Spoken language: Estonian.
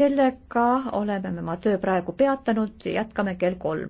sellega oleme me oma töö praegu peatanud, jätkame kell kolm.